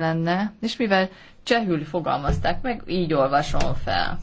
lenne, és mivel csehül fogalmazták meg, így olvasom fel.